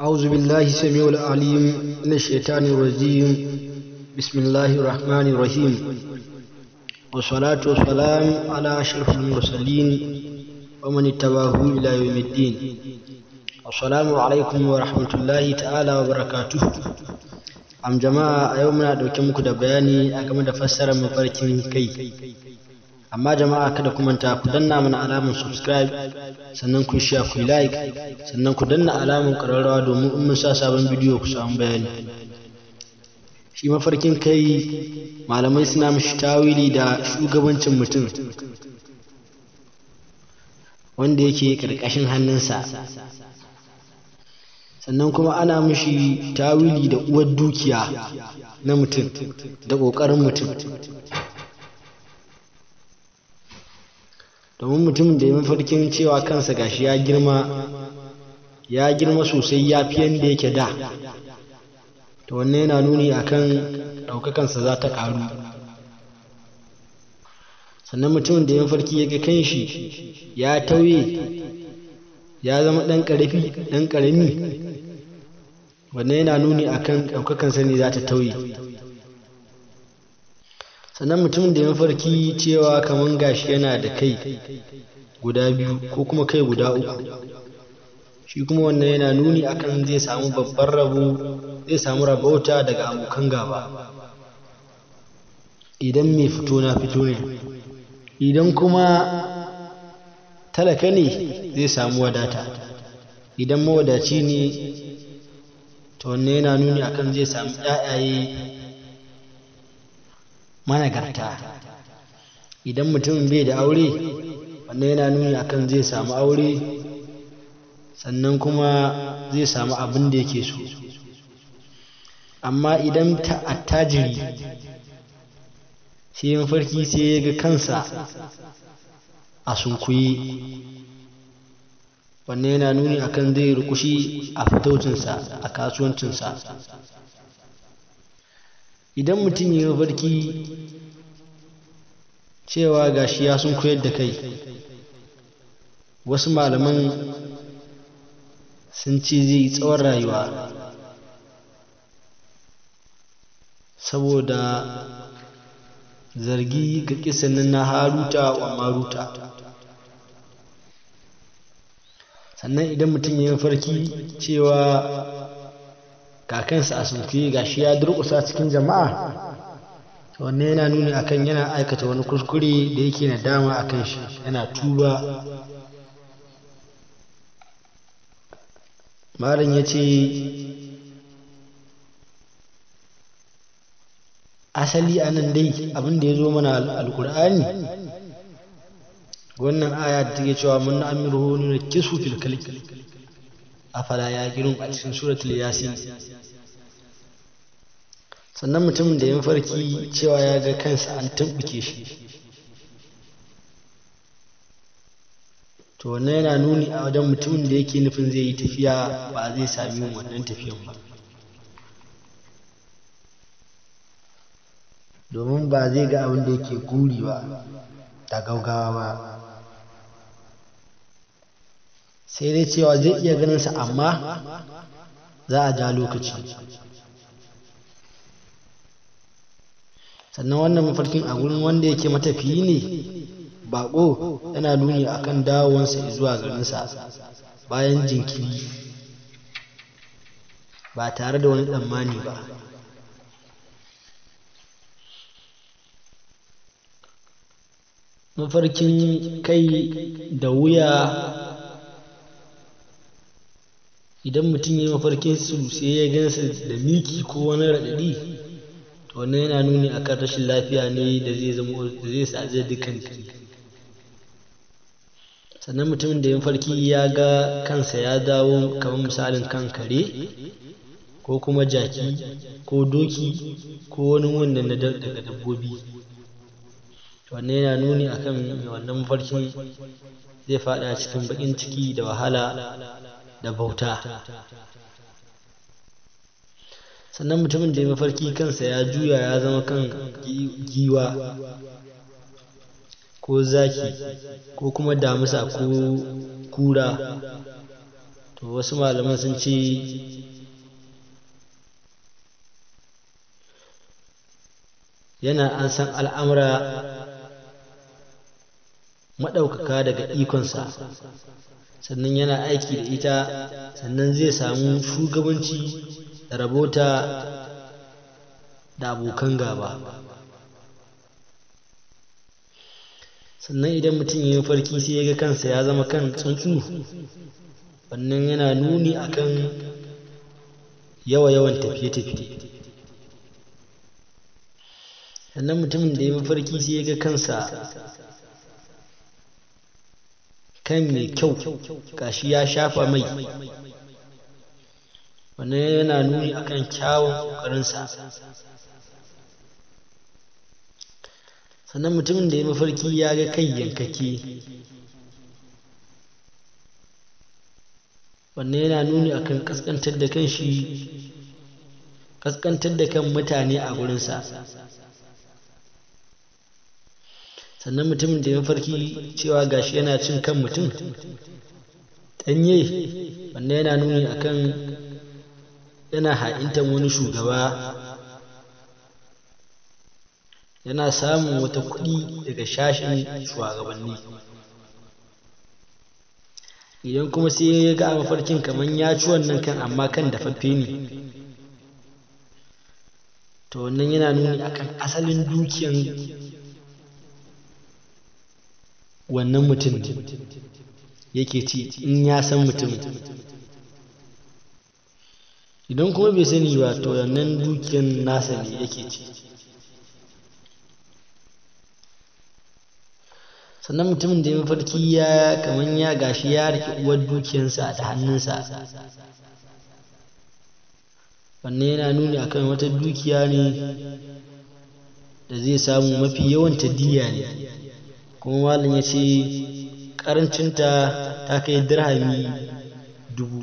أعوذ بالله السميع العليم من الشيطان الرجيم بسم الله الرحمن الرحيم والصلاة والسلام على أشرف المرسلين ومن اتبعه إلى يوم الدين السلام عليكم ورحمة الله تعالى وبركاته أم جماعة يومنا دوكي مكو بياني أكمل فسر مباركين كي amma jama'a kada ku manta ku danna mana alamun subscribe sannan ku share ku like sannan ku danna alamun kararrawa domin in mun sa sabon bidiyo ku samu bayani shi mafarkin kai malamai suna mishi tawili da shugabancin mutum wanda yake karkashin hannunsa sannan kuma ana mishi tawili da uwar dukiya na mutum da ƙoƙarin mutum domin mutumin da ya mafarkin cewa kansa gashi ya girma ya girma sosai ya fi yadda yake da to wannan yana nuni a kan ɗaukakansa za ta ƙaru sannan mutumin da ya mafarki ya ga kanshi ya tauye ya zama ɗan ƙarfi ɗan ƙarami wannan yana nuni a kan ɗaukakansa ne za ta tauye sannan mutum da ya mafarki cewa kamar gashi yana da kai guda biyu ko kuma kai guda uku shi kuma wannan yana nuni akan zai samu babban rabo zai samu rabauta daga abokan gaba idan mai fito na fito ne idan kuma talaka ne zai samu wadata idan mawadaci ne to wannan yana nuni akan zai samu 'ya'yaye managarta idan mutum bai da aure wannan yana nuni akan zai samu aure sannan kuma zai samu abin da yake so amma idan ta attajiri sai farki sai ya ga kansa a sunkuyi wannan yana nuni akan zai rukushi a fitocinsa a kasuwancinsa idan mutum ya mafarki cewa gashi ya sun koyar da kai wasu malaman sun ce zai yi tsawon rayuwa saboda zargi ga kisanin na haruta wa maruta sannan idan mutum ya mafarki cewa kakansa a ga shi ya durƙusa cikin jama'a wannan yana nuni akan yana aikata wani kuskure da yake nadama akan shi yana tuba malam ya ce asali a nan dai abinda ya zo mana alkur'ani wannan aya da take cewa mun amiru nuna kisu fil afala ya girin a cikin suratul yasin sannan mutumin da ya mafarki cewa ya ga kansa an tabbuke shi to wannan yana nuni a wajen mutumin da yake nufin zai yi tafiya ba zai sami wannan tafiyan ba domin ba zai ga abin da yake guri ba da gaugawa ba sai dai cewa zai iya ganinsa, amma za a ja lokaci sannan wannan mafarkin a gurin wanda yake matafiyi ne bako yana nuni akan dawowansa zuwa garinsa bayan jinkiri ba tare da wani tsammani ba mafarkin kai da wuya idan mutum ya yi mafarkin su sai ya gansu da miki ko wani raɗaɗi to wannan yana nuni akan rashin lafiya ne da zai zama da zai sa zai dukkan sannan mutumin da ya farki ya ga kansa ya dawo kamar misalin kan kare ko kuma jaki ko doki ko wani wannan na daga dabbobi wannan yana nuni akan wannan mafarkin zai faɗa cikin baƙin ciki da wahala da bauta sannan mutumin da ya mafarki kansa ya juya ya zama kan giwa ko zaki ko kuma damusa ko kura to wasu malaman sun ce yana an san al'amura maɗaukaka daga ikonsa sannan yana aiki da ita sannan zai samu shugabanci da rabota da abokan gaba sannan idan mutum ya yi farki sai ya ga kansa ya zama kan tsuntsu wannan yana nuni akan yawa-yawan tafiye-tafiye sannan mutumin da ya mafarki sai ya ga kansa kai mai kyau gashi ya shafa mai wannan yana nuni akan kyawun ƙoƙarinsa sannan mutumin da ya mafarki ya ga kai yankake wannan yana nuni akan kaskantar da kan shi kaskantar da kan mutane a gurinsa sannan mutumin da ya farki cewa gashi yana cin kan mutum ɗanye wannan yana nuni akan yana ha'intan wani shugaba yana samun wata kuɗi daga shashin shugabanni idan kuma sai ya ga mafarkin kamar ya ci wannan kan amma kan dafaffe ne to wannan yana nuni akan asalin dukiyan wannan mutum yake ci in ya san mutum idan kuma bai sani ba to wannan dukiyar nasa ne yake ci sannan mutumin da ya mafarki ya kamar ya gashi ya rike uwar dukiyarsa da hannunsa wannan yana nuni kan wata dukiya ne da zai samu mafi yawan ta ne kuma malam ya ce karancinta ta kai dirhami dubu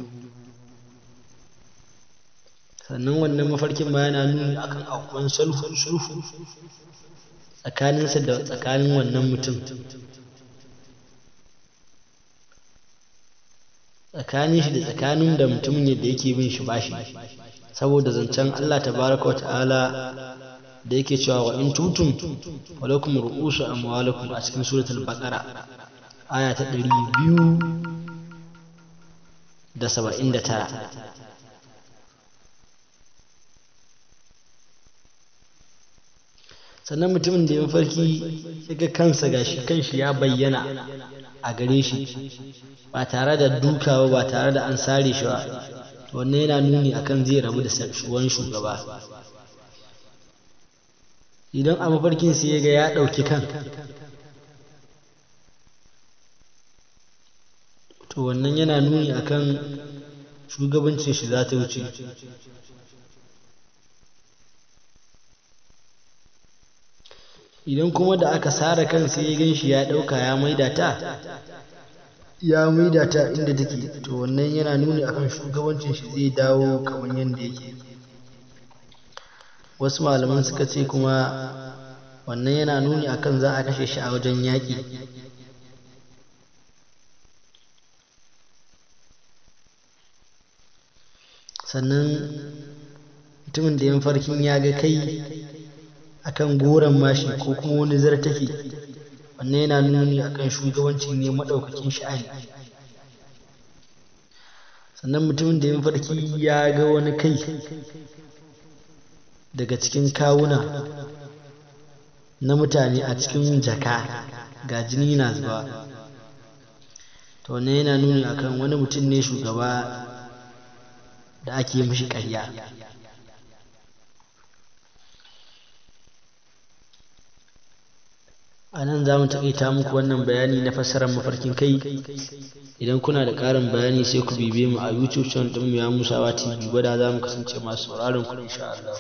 sannan wannan mafarkin ma yana nuni akan akwai sulhu sulhu tsakaninsa da tsakanin wannan mutum tsakanin shi da tsakanin da mutumin yadda yake bin shi bashi saboda zancen Allah tabaraka wa ta'ala da yake cewa wa in tutum walakum ru'usu amwalakum a cikin suratul baqara aya ta 279 sannan mutumin da ya farki ya ga kansa gashi kanshi ya bayyana a gare shi ba tare da duka ba tare da an sare shi ba wannan yana nuni akan zai rabu da shugaban shugaba idan a mafarkin sai ga ya ɗauki kan to wannan yana nuni akan shugabancin shi za ta wuce idan kuma da aka sare kan sai ya gan shi ya ɗauka ya maida ta ya maida ta inda take to wannan yana nuni akan shugabancin shi zai dawo kamar yadda yake wasu malaman suka ce kuma wannan yana nuni akan za a kashe shi a wajen yaƙi sannan mutumin da yin farkin ya ga kai akan goron mashi ko kuma wani zartafi wannan yana nuni akan shugabancin ne maɗaukakin sha'ani sannan mutumin da yin farki ya ga wani kai daga cikin kawuna na mutane a cikin jaka ga jini na zuba to ne yana nuni akan wani mutum ne shugaba da ake mishi ƙarya a nan za mu taƙaita muku wannan bayani na fassarar mafarkin kai idan kuna da ƙarin bayani sai ku bibe mu a youtube channel mu ya musawa tv gwada za mu kasance masu sauraron ku insha Allah